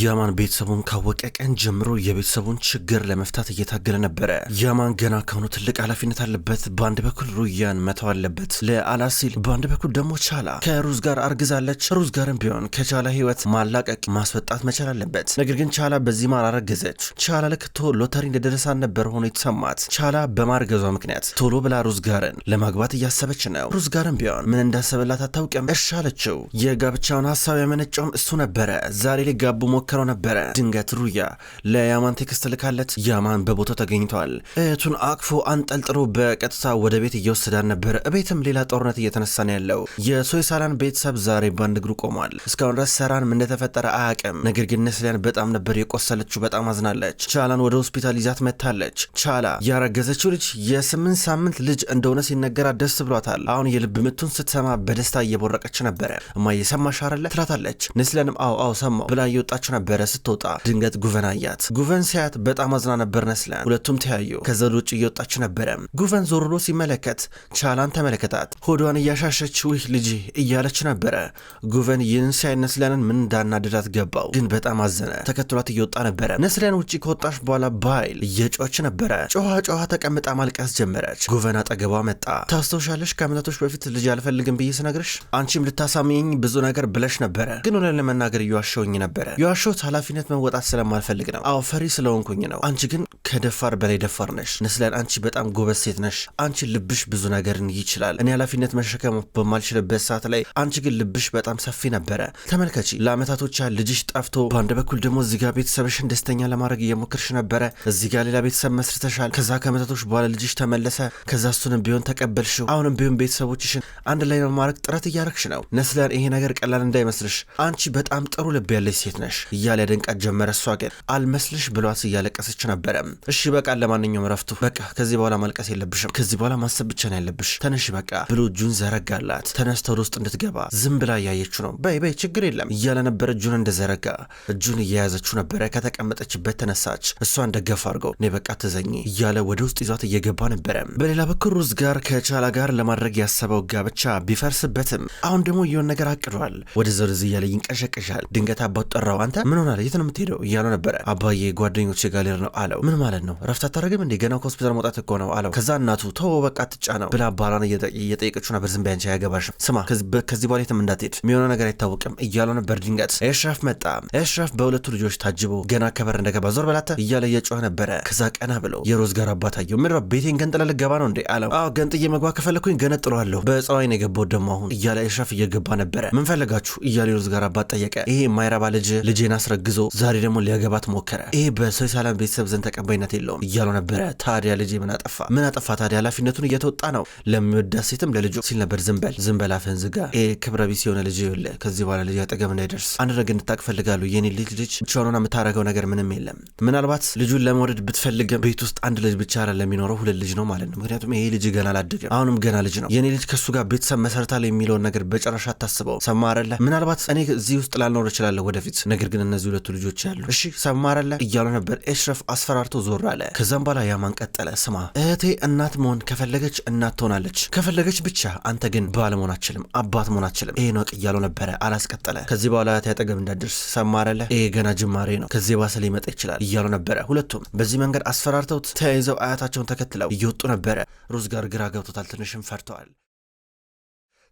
ያማን ቤተሰቡን ካወቀ ቀን ጀምሮ የቤተሰቡን ችግር ለመፍታት እየታገለ ነበረ። ያማን ገና ከሆኑ ትልቅ ኃላፊነት አለበት። በአንድ በኩል ሩያን መተው አለበት ለአላዝ ሲል፣ በአንድ በኩል ደግሞ ቻላ ከሩዝ ጋር አርግዛለች። ሩዝ ጋርም ቢሆን ከቻላ ህይወት ማላቀቅ ማስወጣት መቻል አለበት። ነገር ግን ቻላ በዚህ መሃል አረገዘች። ቻላ ልክ ቶ ሎተሪ እንደደረሳ ነበር ሆኖ የተሰማት። ቻላ በማርገዟ ምክንያት ቶሎ ብላ ሩዝ ጋርን ለማግባት እያሰበች ነው። ሩዝ ጋርም ቢሆን ምን እንዳሰበላት አታውቅም። እርሻለችው የጋብቻውን ሀሳብ ያመነጨውም እሱ ነበረ። ዛሬ ሊጋቡ ሞክረው ነበረ። ድንገት ሩያ ለያማን ቴክስት ልካለት ያማን በቦታው ተገኝተዋል። እህቱን አቅፎ አንጠልጥሎ በቀጥታ ወደ ቤት እየወሰዳን ነበር እቤትም ሌላ ጦርነት እየተነሳ ነው ያለው። የሶይሳላን ቤተሰብ ዛሬ በአንድ እግሩ ቆሟል። እስካሁን ድረስ ሰራን ምን እንደተፈጠረ አያውቅም። ነገር ግን ነስሊያን በጣም ነበር የቆሰለችው። በጣም አዝናለች። ቻላን ወደ ሆስፒታል ይዛት መታለች። ቻላ ያረገዘችው ልጅ የስምንት ሳምንት ልጅ እንደሆነ ሲነገራ ደስ ብሏታል። አሁን የልብ ምቱን ስትሰማ በደስታ እየቦረቀች ነበረ። እማ የሰማሽ አይደለ ትላታለች። ነስሊያንም አዎ አዎ ሰማው ብላ እየወጣች ነበረ ስትወጣ ድንገት ጉቨን አያት። ጉቨን ሲያት በጣም አዝና ነበር ነስሊሀን። ሁለቱም ተያዩ። ከዘዶ ውጭ እየወጣች ነበረ። ጉቨን ዞር ብሎ ሲመለከት ቻላን ተመለከታት። ሆዷን እያሻሸች ውህ ልጅ እያለች ነበረ። ጉቨን ይህን ሲያይ ነስለንን ምን እንዳናደዳት ገባው፣ ግን በጣም አዘነ። ተከትሏት እየወጣ ነበረ። ነስለን ውጭ ከወጣች በኋላ በኃይል እየጮች ነበረ። ጮኋ ጮኋ ተቀምጣ ማልቀስ ጀመረች። ጉቨን አጠገቧ መጣ። ታስታውሻለሽ ከአመታቶች በፊት ልጅ አልፈልግም ብዬ ስነግርሽ አንቺም ልታሳምኝ ብዙ ነገር ብለሽ ነበረ፣ ግን እውነት ለመናገር እየዋሸውኝ ነበረ ያበላሸሁት ኃላፊነት መወጣት ስለማልፈልግ ነው። አዎ ፈሪ ስለሆንኩኝ ነው። አንቺ ግን ከደፋር በላይ ደፋር ነሽ ነስለን። አንቺ በጣም ጎበዝ ሴት ነሽ። አንቺ ልብሽ ብዙ ነገርን ይችላል። እኔ ኃላፊነት መሸከም በማልችልበት ሰዓት ላይ አንቺ ግን ልብሽ በጣም ሰፊ ነበረ። ተመልከቺ፣ ለአመታቶች ያ ልጅሽ ጠፍቶ፣ በአንድ በኩል ደግሞ እዚጋ ቤተሰብሽን ደስተኛ ለማድረግ እየሞከርሽ ነበረ። እዚጋ ሌላ ቤተሰብ መስርተሻል። ከዛ ከአመታቶች በኋላ ልጅሽ ተመለሰ። ከዛ እሱንም ቢሆን ተቀበልሽው። አሁንም ቢሆን ቤተሰቦችሽን አንድ ላይ ለማድረግ ጥረት እያረግሽ ነው። ነስለን፣ ይሄ ነገር ቀላል እንዳይመስልሽ። አንቺ በጣም ጥሩ ልብ ያለች ሴት ነሽ። እያለ ድንቀት ጀመረ። እሷ ግን አልመስልሽ ብሏት እያለቀሰች ነበረ። እሺ በቃ ለማንኛውም ረፍቱ በቃ ከዚህ በኋላ ማልቀስ የለብሽም፣ ከዚህ በኋላ ማሰብ ብቻ ነው ያለብሽ፣ ተነሽ በቃ ብሎ እጁን ዘረጋላት። ተነስተ ወደ ውስጥ እንድትገባ ዝም ብላ እያየችው ነው። በይ በይ ችግር የለም እያለ ነበረ። እጁን እንደዘረጋ እጁን እየያዘችው ነበረ። ከተቀመጠችበት ተነሳች። እሷ እንደገፉ አድርገው እኔ በቃ ተዘኝ እያለ ወደ ውስጥ ይዟት እየገባ ነበረ። በሌላ በኩል ሩዝ ጋር ከቻላ ጋር ለማድረግ ያሰበው ጋብቻ ቢፈርስበትም አሁን ደግሞ የሆነ ነገር አቅዷል። ወደ ዘርዝ እያለ ይንቀሸቀሻል። ድንገት አባት ጠራዋን አንተ ምን ሆናለ? የት ነው የምትሄደው? እያሉ ነበረ። አባዬ ጓደኞች ጋሌር ነው አለው። ምን ማለት ነው? ረፍት አታደርግም እንዴ? ገና ከሆስፒታል መውጣት እኮ ነው አለው። ከዛ እናቱ ተው በቃ ትጫ ነው ብላ ባሏን እየጠየቀችው ነበር። ዝም ቢያንቻ ያገባሽም፣ ስማ ከዚህ በኋላ የትም እንዳትሄድ፣ የሚሆነው ነገር አይታወቅም እያለው ነበር። ድንገት ኤሽራፍ መጣ። ኤሽራፍ በሁለቱ ልጆች ታጅቦ ገና ከበር እንደገባ ዞር በላተ እያለ እየጮኸ ነበረ። ከዛ ቀና ብለው የሮዝ ጋር አባታየው ምን ቤቴን ገንጥላ ልገባ ነው እንዴ አለው። አዎ ገንጥዬ መግባት ከፈለኩኝ ገነጥለዋለሁ፣ በፀዋይ ነው የገባው ደሞ አሁን እያለ ኤሽራፍ እየገባ ነበረ። ምን ፈለጋችሁ እያለ የሮዝ ጋር አባት ጠየቀ። ይሄ የማይረባ ልጅ ልጅ ልጄን አስረግዞ ዛሬ ደግሞ ሊያገባት ሞከረ። ይህ በሰው ሰላም ቤተሰብ ዘንድ ተቀባይነት የለውም እያሉ ነበረ። ታዲያ ልጄ ምን አጠፋ? ምን አጠፋ? ታዲያ ኃላፊነቱን እየተወጣ ነው ለሚወዳት ሴትም ለልጁ ሲል ነበር። ዝንበል ዝንበል፣ አፈን ዝጋ። ክብረ ቢስ የሆነ ልጅ ይለ ከዚህ በኋላ ልጅ አጠገብ እንዳይደርስ አንድ ነገር እንድታቅ ፈልጋሉ። የኔ ልጅ ልጅ ብቻዋን ሆና የምታረገው ነገር ምንም የለም። ምናልባት ልጁን ለመውደድ ብትፈልግም ቤት ውስጥ አንድ ልጅ ብቻ ለሚኖረው ሁለት ልጅ ነው ማለት ነው። ምክንያቱም ይሄ ልጅ ገና አላደገም፣ አሁንም ገና ልጅ ነው። የኔ ልጅ ከእሱ ጋር ቤተሰብ መሰረታል የሚለውን ነገር በጨረሻ አታስበው። ሰማ ምናልባት እኔ እዚህ ውስጥ ላልኖር እችላለሁ ወደፊት ነገር ግን እነዚህ ሁለቱ ልጆች ያሉ እሺ ሰማረለ እያሉ ነበር። ኤሽረፍ አስፈራርቶ ዞር አለ። ከዛም በኋላ ያማን ቀጠለ። ስማ እህቴ እናት መሆን ከፈለገች እናት ትሆናለች፣ ከፈለገች ብቻ። አንተ ግን ባል መሆን አችልም፣ አባት መሆን አችልም። ይሄ ነው እያሉ ነበረ። አላስቀጠለ። ከዚህ በኋላ ያጠገብ እንዳደርስ ሰማረለ። ይሄ ገና ጅማሬ ነው፣ ከዚህ ባሰ ሊመጣ ይችላል እያሉ ነበረ። ሁለቱም በዚህ መንገድ አስፈራርተውት ተያይዘው አያታቸውን ተከትለው እየወጡ ነበረ። ሩዝ ጋር ግራ ገብቶታል፣ ትንሽም ፈርተዋል።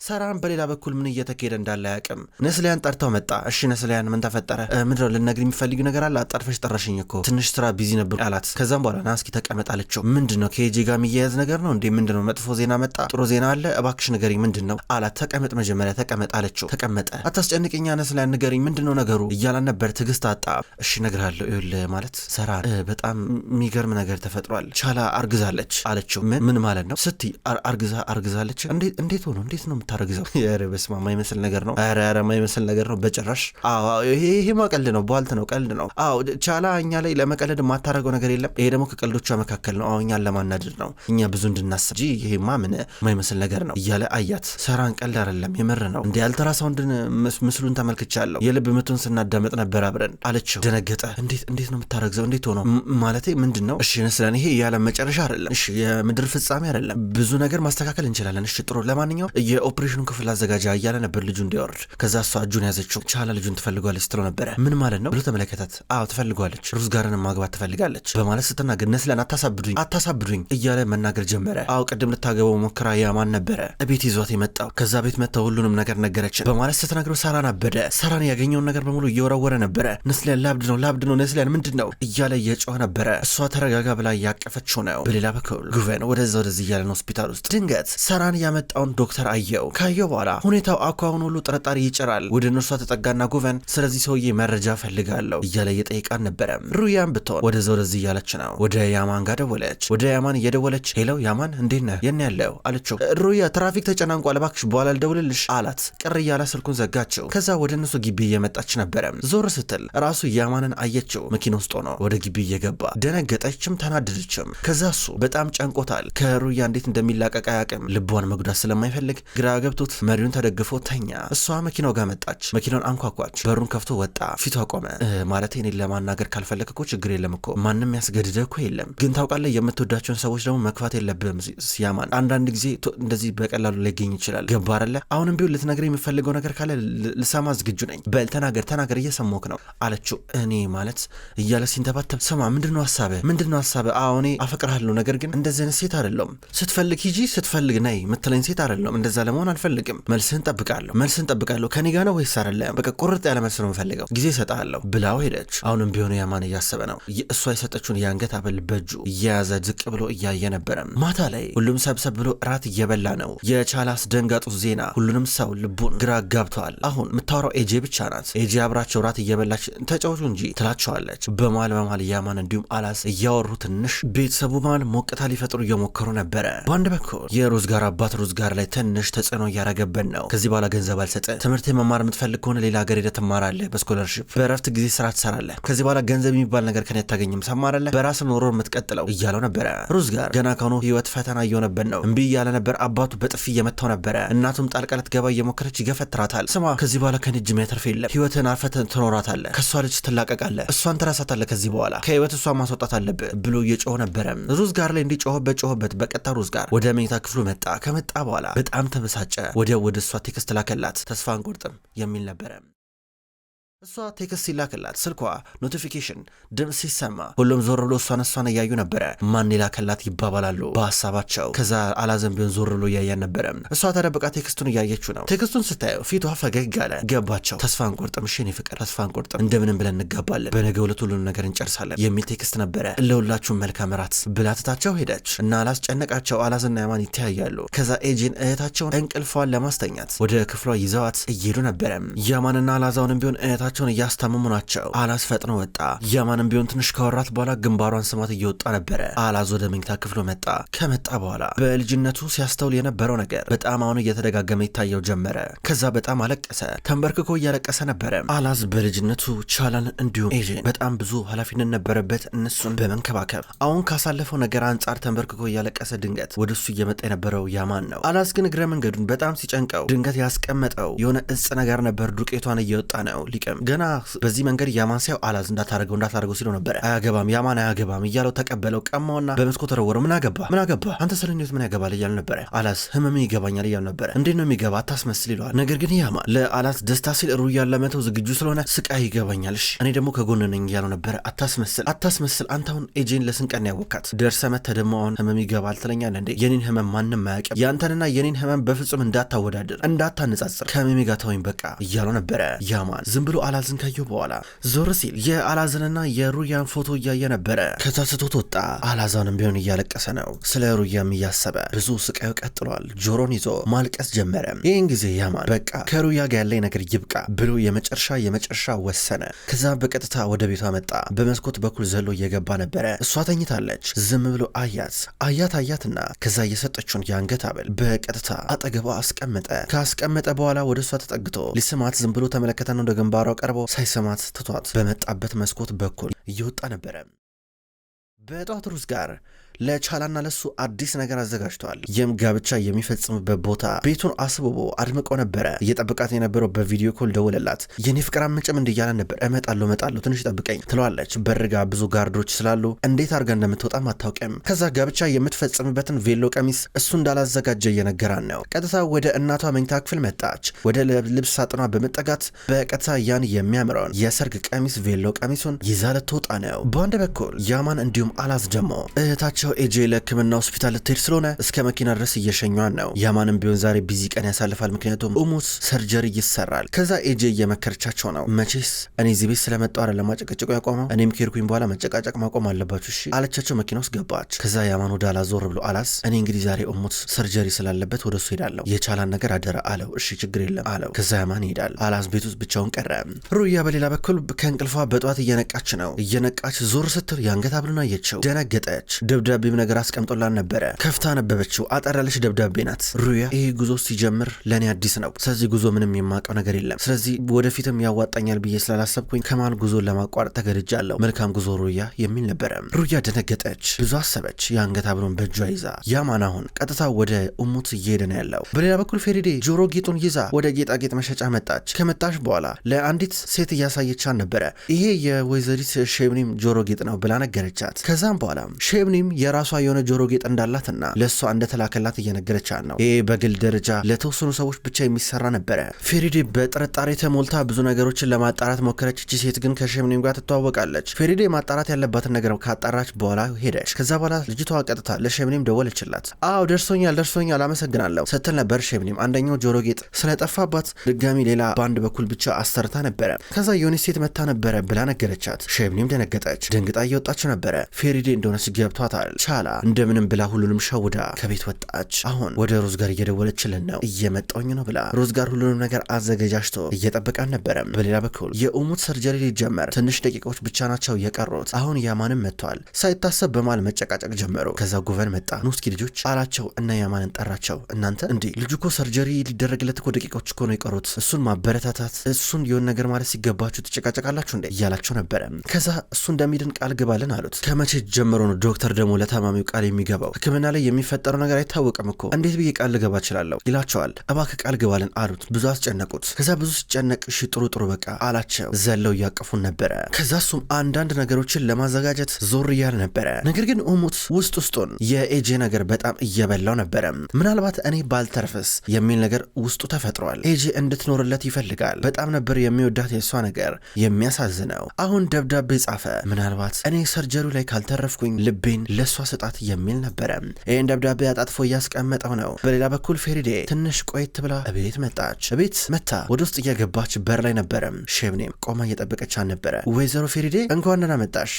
ሰራን በሌላ በኩል ምን እየተካሄደ እንዳለ አያውቅም። ነስሊያን ጠርተው መጣ። እሺ ነስሊያን ምን ተፈጠረ? ምድረው ልነግር የሚፈልግ ነገር አለ? አጣድፈሽ ጠራሽኝ እኮ ትንሽ ስራ ቢዚ ነበር አላት። ከዛም በኋላ ና እስኪ ተቀመጥ አለችው። ምንድን ነው ጋር የሚያያዝ ነገር ነው እንዴ? ምንድን ነው መጥፎ ዜና መጣ? ጥሩ ዜና አለ? እባክሽ ንገሪኝ ምንድን ነው አላት። ተቀመጥ መጀመሪያ ተቀመጥ አለችው። ተቀመጠ። አታስጨንቅኛ ነስሊያን ንገሪኝ ምንድን ነው ነገሩ እያላን ነበር። ትግስት አጣ። እሺ እነግርሃለሁ። ይኸውልህ ማለት ሰራን በጣም የሚገርም ነገር ተፈጥሯል። ቻላ አርግዛለች አለችው። ምን ማለት ነው ስቲ አርግዛ አርግዛለች እንዴት ሆኖ እንዴት ነው የምታረግዘው? ኧረ በስመ አብ የማይመስል ነገር ነው። ኧረ ኧረ የማይመስል ነገር ነው በጭራሽ። ይሄማ ቀልድ ነው፣ ቧልት ነው፣ ቀልድ ነው። አዎ ቻላ እኛ ላይ ለመቀለድ የማታደርገው ነገር የለም። ይሄ ደግሞ ከቀልዶቿ መካከል ነው። አዎ እኛን ለማናደድ ነው፣ እኛ ብዙ እንድናስብ እንጂ ይሄማ ምን የማይመስል ነገር ነው እያለ አያት። ሰራን ቀልድ አይደለም የምር ነው እንደ አልትራሳውንድን ምስሉን ተመልክቻለሁ። የልብ ምቱን ስናዳመጥ ነበር አብረን አለችው። ደነገጠ። እንዴት እንዴት ነው የምታረግዘው? እንዴት ሆኖ ማለቴ ምንድን ነው? እሺ ነስለን ይሄ ያለ መጨረሻ አይደለም፣ እሺ የምድር ፍጻሜ አይደለም። ብዙ ነገር ማስተካከል እንችላለን። እሺ ጥሩ። ለማንኛውም የኦፕሬሽኑ ክፍል አዘጋጃ እያለ ነበር ልጁ እንዲያወርድ። ከዛ እሷ እጁን ያዘችው። ቻላ ልጁን ትፈልጓለች ስትለው ነበረ። ምን ማለት ነው ብሎ ተመለከታት። አዎ ትፈልጓለች፣ ሩዝ ጋርን ማግባት ትፈልጋለች በማለት ስትናገር ነስለን አታሳብዱኝ፣ አታሳብዱኝ እያለ መናገር ጀመረ። አዎ ቅድም ልታገበው ሞክራ ያማን ነበረ ቤት ይዟት የመጣው ከዛ ቤት መጥተው ሁሉንም ነገር ነገረችን በማለት ስትናግረው፣ ሳራን አበደ። ሳራን ያገኘውን ነገር በሙሉ እየወረወረ ነበረ። ነስለን ላብድ ነው፣ ላብድ ነው፣ ነስለን ምንድን ነው እያለ እየጮኸ ነበረ። እሷ ተረጋጋ ብላ እያቀፈችው ነው። በሌላ በኩል ጉቨን ወደዛ ወደዚህ እያለን ሆስፒታል ውስጥ ድንገት ሳራን ያመጣውን ዶክተር አየው። ነው። ካየ በኋላ ሁኔታው አኳውን ሁሉ ጥርጣሬ ይጭራል። ወደ እነርሷ ተጠጋና ጉቨን ስለዚህ ሰውዬ መረጃ ፈልጋለሁ እያለ እየጠየቃን ነበረም። ሩያን ብትሆን ወደዚ ወደዚህ እያለች ነው። ወደ ያማን ጋር ደወለች። ወደ ያማን እየደወለች ሄለው ያማን እንዴት ነህ የን ያለው አለችው። ሩያ ትራፊክ ተጨናንቋል፣ እባክሽ በኋላ ልደውልልሽ አላት። ቅር እያለ ስልኩን ዘጋችው። ከዛ ወደ እነሱ ግቢ እየመጣች ነበረም። ዞር ስትል ራሱ ያማንን አየችው። መኪና ውስጥ ሆኖ ወደ ግቢ እየገባ ደነገጠችም፣ ተናደደችም። ከዛ እሱ በጣም ጨንቆታል። ከሩያ እንዴት እንደሚላቀቅ አያውቅም። ልቧን መጉዳት ስለማይፈልግ ግራ ገብቶት መሪውን ተደግፎ ተኛ። እሷ መኪናው ጋር መጣች። መኪናውን አንኳኳች። በሩን ከፍቶ ወጣ። ፊቷ ቆመ። ማለት እኔን ለማናገር ካልፈለግ እኮ ችግር የለም እኮ ማንም ያስገድደ እኮ የለም። ግን ታውቃለህ፣ የምትወዳቸውን ሰዎች ደግሞ መግፋት የለብም ሲያማን አንዳንድ ጊዜ እንደዚህ በቀላሉ ላይገኝ ይችላል። ገባ አለ። አሁንም ቢሆን ልትነግር የምፈልገው ነገር ካለ ልሰማ ዝግጁ ነኝ። በል ተናገር፣ ተናገር፣ እየሰሞክ ነው አለችው። እኔ ማለት እያለ ሲንተባተብ ስማ፣ ምንድነው ሀሳብህ? ምንድነው ሀሳብህ? አዎ እኔ አፈቅርሃለሁ፣ ነገር ግን እንደዚህ አይነት ሴት አይደለሁም። ስትፈልግ ሂጂ፣ ስትፈልግ ነይ የምትለኝ ሴት አይደለሁም። እንደዛ ለመሆን መሆን አልፈልግም። መልስህን ጠብቃለሁ፣ መልስህን ጠብቃለሁ። ከኔ ጋ ነው ወይስ አይደለም? በቃ ቁርጥ ያለ መልስ ነው የምፈልገው፣ ጊዜ እሰጥሃለሁ ብላው ሄደች። አሁንም ቢሆን ያማን እያሰበ ነው። እሷ የሰጠችውን የአንገት ሀብል በእጁ እየያዘ ዝቅ ብሎ እያየ ነበረ። ማታ ላይ ሁሉም ሰብሰብ ብሎ እራት እየበላ ነው። የቻለ አስደንጋጡ ዜና ሁሉንም ሰው ልቡን ግራ ጋብተዋል። አሁን የምታወራው ኤጄ ብቻ ናት። ኤጄ አብራቸው እራት እየበላች ተጫወቱ እንጂ ትላቸዋለች። በማል በመሃል ያማን እንዲሁም አላስ እያወሩ ትንሽ ቤተሰቡ ማል ሞቅታ ሊፈጥሩ እየሞከሩ ነበረ። በአንድ በኩል የሩዝ ጋር አባት ሩዝ ጋር ላይ ትንሽ ተጽዕኖ ነው እያረገብን ነው። ከዚህ በኋላ ገንዘብ አልሰጥም። ትምህርት መማር የምትፈልግ ከሆነ ሌላ ሀገር ሄደ ትማራለ፣ በስኮለርሽፕ። በእረፍት ጊዜ ስራ ትሰራለ። ከዚህ በኋላ ገንዘብ የሚባል ነገር ከኔ አታገኝም። ሰማራለ፣ በራስ ኖሮ የምትቀጥለው እያለው ነበረ። ሩዝ ጋር ገና ከሆኑ ህይወት ፈተና እየሆነብን ነው። እምቢ እያለ ነበር። አባቱ በጥፊ እየመታው ነበረ። እናቱም ጣልቃ ልትገባ እየሞከረች ይገፈትራታል። ስማ ከዚህ በኋላ ከኔ እጅ የሚያተርፍ የለም። ህይወትን አርፈት ትኖራታለ፣ ከእሷ ልጅ ትላቀቃለ፣ እሷን ትረሳታለህ። ከዚህ በኋላ ከህይወት እሷ ማስወጣት አለብህ ብሎ እየጮኸ ነበረ። ሩዝ ጋር ላይ እንዲህ ጮኸበት ጮኸበት። በቀጥታ ሩዝ ጋር ወደ መኝታ ክፍሉ መጣ። ከመጣ በኋላ በጣም ተበሳጨ። ተበሳጨ። ወዲያው ወደ እሷ ቴክስት ላከላት። ተስፋ አንቆርጥም የሚል ነበረ። እሷ ቴክስት ይላክላት ስልኳ ኖቲፊኬሽን ድምፅ ሲሰማ ሁሉም ዞር ብሎ እሷን እሷን እያዩ ነበረ። ማን ይላክላት ይባባላሉ በሀሳባቸው። ከዛ አላዘን ቢሆን ዞር ብሎ እያያን ነበረ። እሷ ተደብቃ ቴክስቱን እያየችው ነው። ቴክስቱን ስታየው ፊቷ ፈገግ አለ። ገባቸው። ተስፋ እንቆርጥም፣ እሺ የኔ ፍቅር ተስፋ እንቆርጥም፣ እንደምንም ብለን እንጋባለን፣ በነገ ሁለት ሁሉንም ነገር እንጨርሳለን የሚል ቴክስት ነበረ። ለሁላችሁም መልካም ራት ብላ ትታቸው ሄደች እና አላስጨነቃቸው። አላዘና ያማን ይተያያሉ። ከዛ ኤጂን እህታቸውን እንቅልፏን ለማስተኛት ወደ ክፍሏ ይዘዋት እየሄዱ ነበረ። ያማንና አላዛውንም ቢሆን እህታ ራሳቸውን እያስታመሙ ናቸው። አላዝ ፈጥኖ ወጣ። ያማንም ቢሆን ትንሽ ካወራት በኋላ ግንባሯን ስማት እየወጣ ነበረ። አላዝ ወደ መኝታ ክፍሎ መጣ። ከመጣ በኋላ በልጅነቱ ሲያስተውል የነበረው ነገር በጣም አሁን እየተደጋገመ ይታየው ጀመረ። ከዛ በጣም አለቀሰ። ተንበርክኮ እያለቀሰ ነበረ። አላዝ በልጅነቱ ቻላን፣ እንዲሁም ኤዥን በጣም ብዙ ኃላፊነት ነበረበት እነሱን በመንከባከብ። አሁን ካሳለፈው ነገር አንጻር ተንበርክኮ እያለቀሰ ድንገት ወደ እሱ እየመጣ የነበረው ያማን ነው። አላዝ ግን እግረ መንገዱን በጣም ሲጨንቀው ድንገት ያስቀመጠው የሆነ እጽ ነገር ነበር። ዱቄቷን እየወጣ ነው ሊቀም አይደለም ገና በዚህ መንገድ ያማን ሲያው አላዝ እንዳታደርገው እንዳታደርገው ሲለው ነበር። አያገባም ያማን አያገባም እያለው ተቀበለው፣ ቀማውና በመስኮት ተረወረው። ምን አገባ ምን አገባ አንተ ስለ እኔት ምን ያገባል እያሉ ነበረ። አላዝ ህመሜ ይገባኛል እያሉ ነበረ። እንዴት ነው የሚገባ አታስመስል ይለዋል። ነገር ግን ያማን ለአላዝ ደስታ ሲል ሩያን ለመተው ዝግጁ ስለሆነ ስቃይ ይገባኛል፣ እሺ እኔ ደግሞ ከጎን ነኝ እያለው ነበረ። አታስመስል አታስመስል አንተ አሁን ኤጄን ለስንቀን ያወካት ደርሰ መተ ደግሞ አሁን ህመም ይገባል ትለኛለህ እንዴ? የኔን ህመም ማንም አያውቅም። ያንተንና የኔን ህመም በፍጹም እንዳታወዳድር፣ እንዳታነጻጽር ከህመሜ ጋር ተወኝ በቃ እያለው ነበረ ያማን ዝም ብሎ አላዝን ካየው በኋላ ዞር ሲል የአላዝንና የሩያን ፎቶ እያየ ነበረ። ከዛ ስቶት ወጣ። አላዛንም ቢሆን እያለቀሰ ነው። ስለ ሩያም እያሰበ ብዙ ስቃዩ ቀጥሏል። ጆሮን ይዞ ማልቀስ ጀመረ። ይህን ጊዜ ያማን በቃ ከሩያ ጋር ያለኝ ነገር ይብቃ ብሎ የመጨረሻ የመጨረሻ ወሰነ። ከዛ በቀጥታ ወደ ቤቷ መጣ። በመስኮት በኩል ዘሎ እየገባ ነበረ። እሷ ተኝታለች። ዝም ብሎ አያት አያት አያትና ከዛ እየሰጠችውን የአንገት ሐብል በቀጥታ አጠገቧ አስቀመጠ። ካስቀመጠ በኋላ ወደ እሷ ተጠግቶ ሊስማት ዝም ብሎ ተመለከተና ወደ ግንባሯ ቀርቦ ሳይሰማት ትቷት በመጣበት መስኮት በኩል እየወጣ ነበረ። በጠዋት ሩዝ ጋር ለቻላና ለሱ አዲስ ነገር አዘጋጅተዋል። ይህም ጋብቻ የሚፈጽምበት ቦታ ቤቱን አስብቦ አድምቆ ነበረ። እየጠበቃት የነበረው በቪዲዮ ኮል ደውለላት የኔ ፍቅር አምጭም እንዲያለ ነበር። እመጣለሁ እመጣለሁ ትንሽ ጠብቀኝ ትለዋለች። በርጋ ብዙ ጋርዶች ስላሉ እንዴት አድርጋ እንደምትወጣም አታውቅም። ከዛ ጋብቻ የምትፈጽምበትን ቬሎ ቀሚስ እሱ እንዳላዘጋጀ እየነገራን ነው። ቀጥታ ወደ እናቷ መኝታ ክፍል መጣች። ወደ ልብስ ሳጥኗ በመጠጋት በቀጥታ ያን የሚያምረውን የሰርግ ቀሚስ ቬሎ ቀሚሱን ይዛ ልትወጣ ነው። በአንድ በኩል ያማን እንዲሁም አላዝ ደግሞ እህታቸው መጨረሻው ኤጄ ለህክምና ሆስፒታል ልትሄድ ስለሆነ እስከ መኪና ድረስ እየሸኟን ነው። ያማንም ቢሆን ዛሬ ቢዚ ቀን ያሳልፋል፣ ምክንያቱም እሙስ ሰርጀሪ ይሰራል። ከዛ ኤጄ እየመከረቻቸው ነው። መቼስ እኔ እዚህ ቤት ስለመጣሁ አለ ለማጨቀጭቆ ያቆመው፣ እኔም ከሄድኩኝ በኋላ መጨቃጨቅ ማቆም አለባችሁ እሺ አለቻቸው። መኪና ውስጥ ገባች። ከዛ ያማን ወደ አላዝ ዞር ብሎ አላስ እኔ እንግዲህ ዛሬ እሙስ ሰርጀሪ ስላለበት ወደ እሱ ሄዳለሁ፣ የቻላን ነገር አደራ አለው። እሺ ችግር የለም አለው። ከዛ ያማን ይሄዳል። አላስ ቤት ውስጥ ብቻውን ቀረ። ሩያ በሌላ በኩል ከእንቅልፏ በጠዋት እየነቃች ነው። እየነቃች ዞር ስትል የአንገት ሀብሉን አየችው፣ ደነገጠች። ደብዳ ደብዳቤም ነገር አስቀምጦላን ነበረ። ከፍታ ነበበችው። አጠር ያለች ደብዳቤ ናት። ሩያ ይህ ጉዞ ሲጀምር ለእኔ አዲስ ነው። ስለዚህ ጉዞ ምንም የማውቀው ነገር የለም። ስለዚህ ወደፊትም ያዋጣኛል ብዬ ስላላሰብኩኝ ከማል ጉዞ ለማቋረጥ ተገድጃለሁ። መልካም ጉዞ ሩያ የሚል ነበረ። ሩያ ደነገጠች። ብዙ አሰበች። የአንገት ሀብሉን በእጇ ይዛ ያማን አሁን ቀጥታ ወደ እሙት እየሄደ ነው ያለው። በሌላ በኩል ፌሪዴ ጆሮ ጌጡን ይዛ ወደ ጌጣጌጥ መሸጫ መጣች። ከመጣች በኋላ ለአንዲት ሴት እያሳየቻት ነበረ። ይሄ የወይዘሪት ሼብኒም ጆሮ ጌጥ ነው ብላ ነገረቻት። ከዛም በኋላ ሼብኒም የራሷ የሆነ ጆሮ ጌጥ እንዳላትና ለእሷ እንደተላከላት እየነገረቻ ነው። ይሄ በግል ደረጃ ለተወሰኑ ሰዎች ብቻ የሚሰራ ነበረ። ፌሪዴ በጥርጣሬ ተሞልታ ብዙ ነገሮችን ለማጣራት ሞከረች። እቺ ሴት ግን ከሸምኔም ጋር ትተዋወቃለች። ፌሪዴ ማጣራት ያለባትን ነገር ካጣራች በኋላ ሄደች። ከዛ በኋላ ልጅቷ ቀጥታ ለሸምኔም ደወለችላት። አዎ ደርሶኛል፣ ደርሶኛል አመሰግናለሁ ስትል ነበር። ሸምኔም አንደኛው ጆሮ ጌጥ ስለጠፋባት ድጋሚ ሌላ በአንድ በኩል ብቻ አሰርታ ነበረ። ከዛ የሆነች ሴት መታ ነበረ ብላ ነገረቻት። ሸምኔም ደነገጠች። ደንግጣ እየወጣችው ነበረ። ፌሪዴ እንደሆነች ገብቷታል። ይመስላል። ሻላ እንደምንም ብላ ሁሉንም ሸውዳ ከቤት ወጣች። አሁን ወደ ሮዝ ጋር እየደወለችልን ነው። እየመጣኝ ነው ብላ ሮዝ ጋር ሁሉንም ነገር አዘገጃጅቶ እየጠበቀ አልነበረም። በሌላ በኩል የኡሙት ሰርጀሪ ሊጀመር ትንሽ ደቂቃዎች ብቻ ናቸው የቀሩት። አሁን ያማንም መጥቷል። ሳይታሰብ በማል መጨቃጨቅ ጀመሩ። ከዛ ጉቨን መጣ። ንውስኪ ልጆች አላቸው እና ያማንን ጠራቸው። እናንተ እንዴ ልጁ እኮ ሰርጀሪ ሊደረግለት እኮ ደቂቃዎች እኮ ነው የቀሩት። እሱን ማበረታታት እሱን የሆነ ነገር ማለት ሲገባችሁ ትጨቃጨቃላችሁ እንዴ እያላቸው ነበረ። ከዛ እሱ እንደሚድን ቃል ግባልን አሉት። ከመቼ ጀምሮ ነው ዶክተር ደግሞ ለታማሚው ቃል የሚገባው? ህክምና ላይ የሚፈጠረው ነገር አይታወቅም እኮ እንዴት ብዬ ቃል ልገባ እችላለሁ? ይላቸዋል። እባክ ቃል ግባልን አሉት። ብዙ አስጨነቁት። ከዛ ብዙ ሲጨነቅ እሺ ጥሩ ጥሩ በቃ አላቸው። ዘለው እያቀፉን ነበረ። ከዛ እሱም አንዳንድ ነገሮችን ለማዘጋጀት ዞር እያለ ነበረ። ነገር ግን ኡሙት ውስጥ ውስጡን የኤጄ ነገር በጣም እየበላው ነበረ። ምናልባት እኔ ባልተርፍስ የሚል ነገር ውስጡ ተፈጥሯል። ኤጄ እንድትኖርለት ይፈልጋል። በጣም ነበር የሚወዳት የእሷ ነገር የሚያሳዝነው። አሁን ደብዳቤ ጻፈ። ምናልባት እኔ ሰርጀሪ ላይ ካልተረፍኩኝ ልቤን ለ ለእሷ ስጣት የሚል ነበረ። ይህን ደብዳቤ አጣጥፎ እያስቀመጠው ነው። በሌላ በኩል ፌሪዴ ትንሽ ቆየት ብላ እቤት መጣች። እቤት መታ ወደ ውስጥ እየገባች በር ላይ ነበረ። ሼብኔም ቆማ እየጠበቀች አልነበረ። ወይዘሮ ፌሪዴ እንኳን ደህና መጣሽ።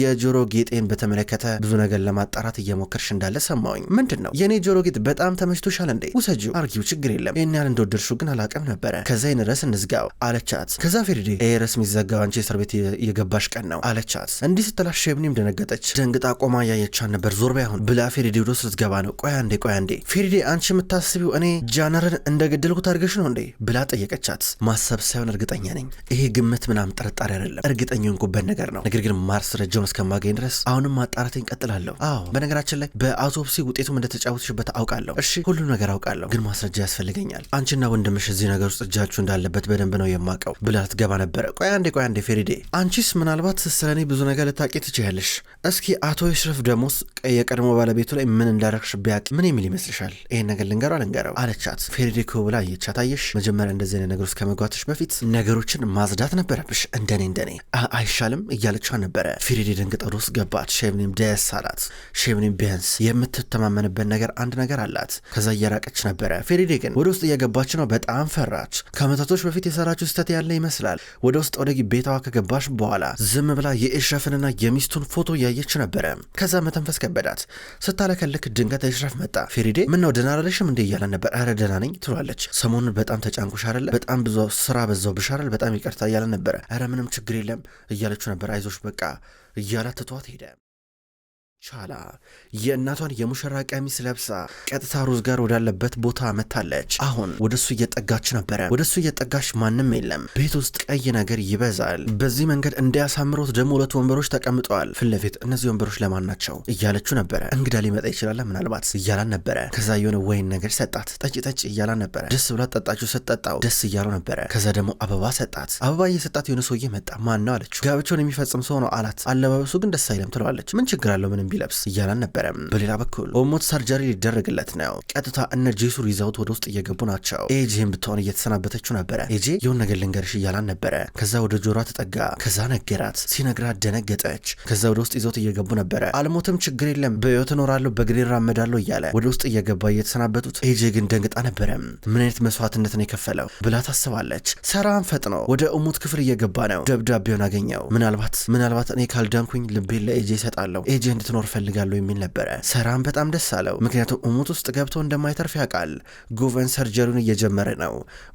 የጆሮ ጌጤን በተመለከተ ብዙ ነገር ለማጣራት እየሞከርሽ እንዳለ ሰማሁኝ። ምንድን ነው የእኔ ጆሮ ጌጥ በጣም ተመችቶሻል እንዴ? ውሰጂው፣ አርጊው፣ ችግር የለም። ይህን ያህል እንደወደድሽው ግን አላቅም ነበረ። ከዛ ይህን ርዕስ እንዝጋው አለቻት። ከዛ ፌሪዴ ይሄ ርዕስ የሚዘጋው አንቺ እስር ቤት የገባሽ ቀን ነው አለቻት። እንዲህ ስትላሽ ሼብኔም ደነገጠች። ደንግጣ ቆማ ያየች እያየቻን ነበር። ዞር በይ አሁን ብላ ፌሬዴ ወደ ውስጥ ልትገባ ነው። ቆያ እንዴ ቆያ እንዴ ፌሬዴ፣ አንቺ የምታስቢው እኔ ጃነርን እንደገደልኩት አድርገሽ ነው እንዴ ብላ ጠየቀቻት። ማሰብ ሳይሆን እርግጠኛ ነኝ፣ ይሄ ግምት ምናምን ጥርጣሬ አይደለም፣ እርግጠኛ የሆንኩበት ነገር ነው። ነገር ግን ማስረጃውን እስከማገኝ ድረስ አሁንም ማጣራቴን ቀጥላለሁ። አዎ በነገራችን ላይ በአውቶፕሲ ውጤቱም እንደተጫወትሽበት አውቃለሁ። እሺ ሁሉም ነገር አውቃለሁ፣ ግን ማስረጃ ያስፈልገኛል። አንቺና ወንድምሽ እዚህ ነገር ውስጥ እጃችሁ እንዳለበት በደንብ ነው የማውቀው ብላ ልትገባ ነበረ። ቆያ እንዴ ቆያ እንዴ ፌሬዴ፣ አንቺስ ምናልባት ስለእኔ ብዙ ነገር ልታውቂ ትችያለሽ። እስኪ አቶ ይሽረፍ ደግሞ ሐሙስ የቀድሞ ባለቤቱ ላይ ምን እንዳረግሽ ቢያቅ ምን የሚል ይመስልሻል? ይሄን ነገር ልንገረው አልንገረው አለቻት። ፌዴሪኮ ብላ አየቻት። አየሽ መጀመሪያ እንደዚህ አይነት ነገር ውስጥ ከመግባትሽ በፊት ነገሮችን ማጽዳት ነበረብሽ፣ እንደኔ እንደኔ አይሻልም እያለቿ ነበረ። ፌሬዴ ደንግጣ ውስጥ ገባት። ሼቭኒም ደስ አላት። ሼቭኒም ቢያንስ የምትተማመንበት ነገር አንድ ነገር አላት። ከዛ እየራቀች ነበረ። ፌሬዴ ግን ወደ ውስጥ እየገባች ነው። በጣም ፈራች። ከመታቶች በፊት የሰራችው ስህተት ያለ ይመስላል። ወደ ውስጥ ወደ ቤታዋ ከገባች በኋላ ዝም ብላ የኤሽረፍንና የሚስቱን ፎቶ እያየች ነበረ። ከዛ መተንፈስ ከበዳት። ስታለከልክ ድንገት እሽረፍ መጣ። ፌሪዴ ምነው ደህና አይደለሽም እንዴ እያለ ነበር። አረ ደህና ነኝ ትሏለች። ሰሞኑን በጣም ተጫንኩሽ አይደለ? በጣም ብዙ ስራ በዛው ብሻረል በጣም ይቅርታ እያለ ነበረ። አረ ምንም ችግር የለም እያለችው ነበር። አይዞሽ በቃ እያላት ትቷት ሄደ። ቻላ የእናቷን የሙሽራ ቀሚስ ለብሳ ቀጥታ ሩዝ ጋር ወዳለበት ቦታ መታለች። አሁን ወደሱ እየጠጋች ነበረ። ወደሱ እየጠጋች ማንም የለም። ቤት ውስጥ ቀይ ነገር ይበዛል። በዚህ መንገድ እንዳያሳምሮት ደግሞ ሁለት ወንበሮች ተቀምጠዋል ፊት ለፊት። እነዚህ ወንበሮች ለማን ናቸው እያለችው ነበረ። እንግዳ ሊመጣ ይችላል ምናልባት እያላን ነበረ። ከዛ የሆነ ወይን ነገር ሰጣት። ጠጭ ጠጭ እያላን ነበረ። ደስ ብላ ጠጣችው። ስትጠጣው ደስ እያለው ነበረ። ከዛ ደግሞ አበባ ሰጣት። አበባ እየሰጣት የሆነ ሰውዬ መጣ። ማን ነው አለችው። ጋብቻውን የሚፈጽም ሰው ነው አላት። አለባበሱ ግን ደስ አይለም ትለዋለች። ምን ችግር አለው ምንም ቢለብስ እያላን ነበረም። በሌላ በኩል ኦሞት ሰርጀሪ ሊደረግለት ነው። ቀጥታ እነ ጄሱር ይዘውት ወደ ውስጥ እየገቡ ናቸው። ኤጂም ብትሆን እየተሰናበተችው ነበረ። ኤጂ የሆነ ነገር ልንገርሽ እያላን ነበረ። ከዛ ወደ ጆሯ ተጠጋ። ከዛ ነገራት። ሲነግራት ደነገጠች። ከዛ ወደ ውስጥ ይዘውት እየገቡ ነበረ። አልሞትም፣ ችግር የለም፣ በህይወት እኖራለሁ፣ በግሬ እራመዳለሁ እያለ ወደ ውስጥ እየገባ እየተሰናበቱት። ኤጂ ግን ደንግጣ ነበረ። ምን አይነት መስዋዕትነት ነው የከፈለው ብላ ታስባለች። ሰራን ፈጥኖ ወደ እሙት ክፍል እየገባ ነው። ደብዳቤውን አገኘው። ምናልባት ምናልባት እኔ ካልዳንኩኝ ልቤን ለኤጄ ይሰጣለሁ፣ ኤጄ እንድትኖር መኖር ፈልጋለሁ የሚል ነበረ። ሰራም በጣም ደስ አለው፣ ምክንያቱም እሙት ውስጥ ገብቶ እንደማይተርፍ ያውቃል። ጉቨን ሰርጀሪውን እየጀመረ ነው።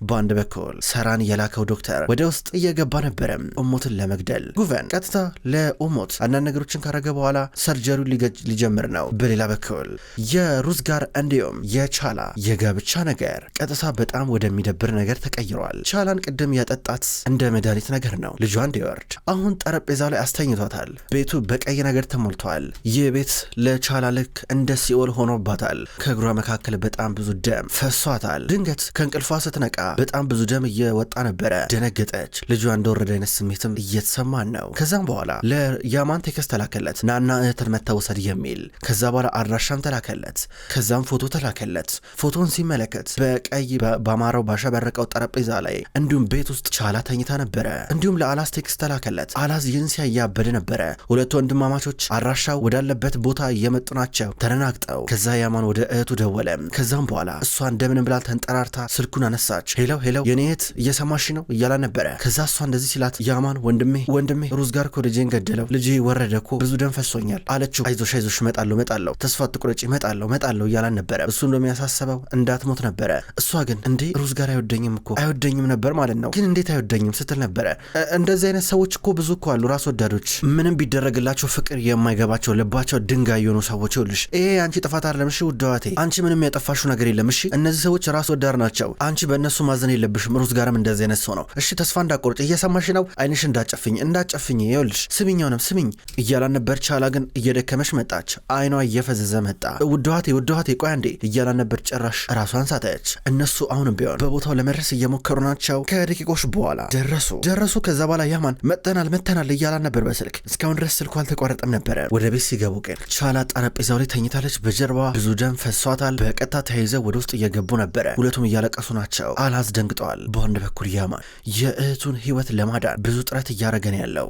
በአንድ በኩል ሰራን የላከው ዶክተር ወደ ውስጥ እየገባ ነበረም እሙትን ለመግደል። ጉቨን ቀጥታ ለእሙት አንዳንድ ነገሮችን ካረገ በኋላ ሰርጀሪውን ሊጀምር ነው። በሌላ በኩል የሩዝ ጋር እንዲሁም የቻላ የጋብቻ ነገር ቀጥታ በጣም ወደሚደብር ነገር ተቀይሯል። ቻላን ቅድም ያጠጣት እንደ መድኃኒት ነገር ነው ልጇ እንዲወርድ አሁን ጠረጴዛ ላይ አስተኝቷታል። ቤቱ በቀይ ነገር ተሞልቷል። ይህ ቤት ለቻላ ልክ እንደ ሲኦል ሆኖባታል። ከእግሯ መካከል በጣም ብዙ ደም ፈሷታል። ድንገት ከእንቅልፏ ስትነቃ በጣም ብዙ ደም እየወጣ ነበረ። ደነገጠች። ልጇ እንደወረደ አይነት ስሜትም እየተሰማን ነው። ከዛም በኋላ ለያማን ቴክስት ተላከለት፣ ናና እህትን መታወሰድ የሚል። ከዛ በኋላ አድራሻም ተላከለት። ከዛም ፎቶ ተላከለት። ፎቶን ሲመለከት በቀይ በአማረው ባሸበረቀው ጠረጴዛ ላይ እንዲሁም ቤት ውስጥ ቻላ ተኝታ ነበረ። እንዲሁም ለአላስ ቴክስት ተላከለት። አላስ ይህን ሲያያበድ ነበረ። ሁለቱ ወንድማማቾች አድራሻው ወደ ወዳለበት ቦታ እየመጡ ናቸው ተደናግጠው። ከዛ ያማን ወደ እህቱ ደወለ። ከዛም በኋላ እሷ እንደምንም ብላ ተንጠራርታ ስልኩን አነሳች። ሄለው ሄለው የኔ እህት እየሰማሽ ነው እያላ ነበረ። ከዛ እሷ እንደዚህ ሲላት ያማን ወንድሜ ወንድሜ ሩዝ ጋር እኮ ልጄን ገደለው ልጄ ወረደ እኮ ብዙ ደም ፈሶኛል አለችው። አይዞሽ አይዞሽ እመጣለሁ እመጣለሁ ተስፋ አትቁረጪ እመጣለሁ እመጣለሁ እያላን ነበረ። እሱ እንደሚያሳሰበው እንዳትሞት ነበረ። እሷ ግን እንዴ ሩዝ ጋር አይወደኝም እኮ አይወደኝም ነበር ማለት ነው፣ ግን እንዴት አይወደኝም ስትል ነበረ። እንደዚህ አይነት ሰዎች እኮ ብዙ እኮ አሉ ራስ ወዳዶች፣ ምንም ቢደረግላቸው ፍቅር የማይገባቸው የሆነባቸው ድንጋይ የሆኑ ሰዎች ይኸውልሽ፣ ይሄ አንቺ ጥፋት አይደለም። እሺ ውደዋቴ፣ አንቺ ምንም ያጠፋሽው ነገር የለም። እሺ እነዚህ ሰዎች ራስ ወዳድ ናቸው። አንቺ በእነሱ ማዘን የለብሽም። ሩዝ ጋርም እንደዚህ አይነት ሰው ነው። እሺ ተስፋ እንዳቆርጭ እየሰማሽ ነው። አይንሽ እንዳጨፍኝ እንዳጨፍኝ። ይኸውልሽ ስሚኛውንም ስሚኝ እያላን ነበር። ቻላ ግን እየደከመች መጣች። አይኗ እየፈዘዘ መጣ። ውደዋቴ፣ ውደዋቴ ቆይ አንዴ እያላን ነበር። ጭራሽ ራሷን ሳተች። እነሱ አሁንም ቢሆን በቦታው ለመድረስ እየሞከሩ ናቸው። ከደቂቆች በኋላ ደረሱ ደረሱ። ከዛ በኋላ ያማን መጠናል መጥተናል እያላን ነበር በስልክ እስካሁን ድረስ ስልኩ አልተቋረጠም ነበረ። ወደ ቤት ሊገቡ ቀር ቻላ ጠረጴዛው ላይ ተኝታለች። በጀርባ ብዙ ደም ፈሷታል። በቀጥታ ተያይዘው ወደ ውስጥ እየገቡ ነበረ። ሁለቱም እያለቀሱ ናቸው። አላዝ ደንግጠዋል። በአንድ በኩል ያማን የእህቱን ህይወት ለማዳን ብዙ ጥረት እያደረገ ያለው።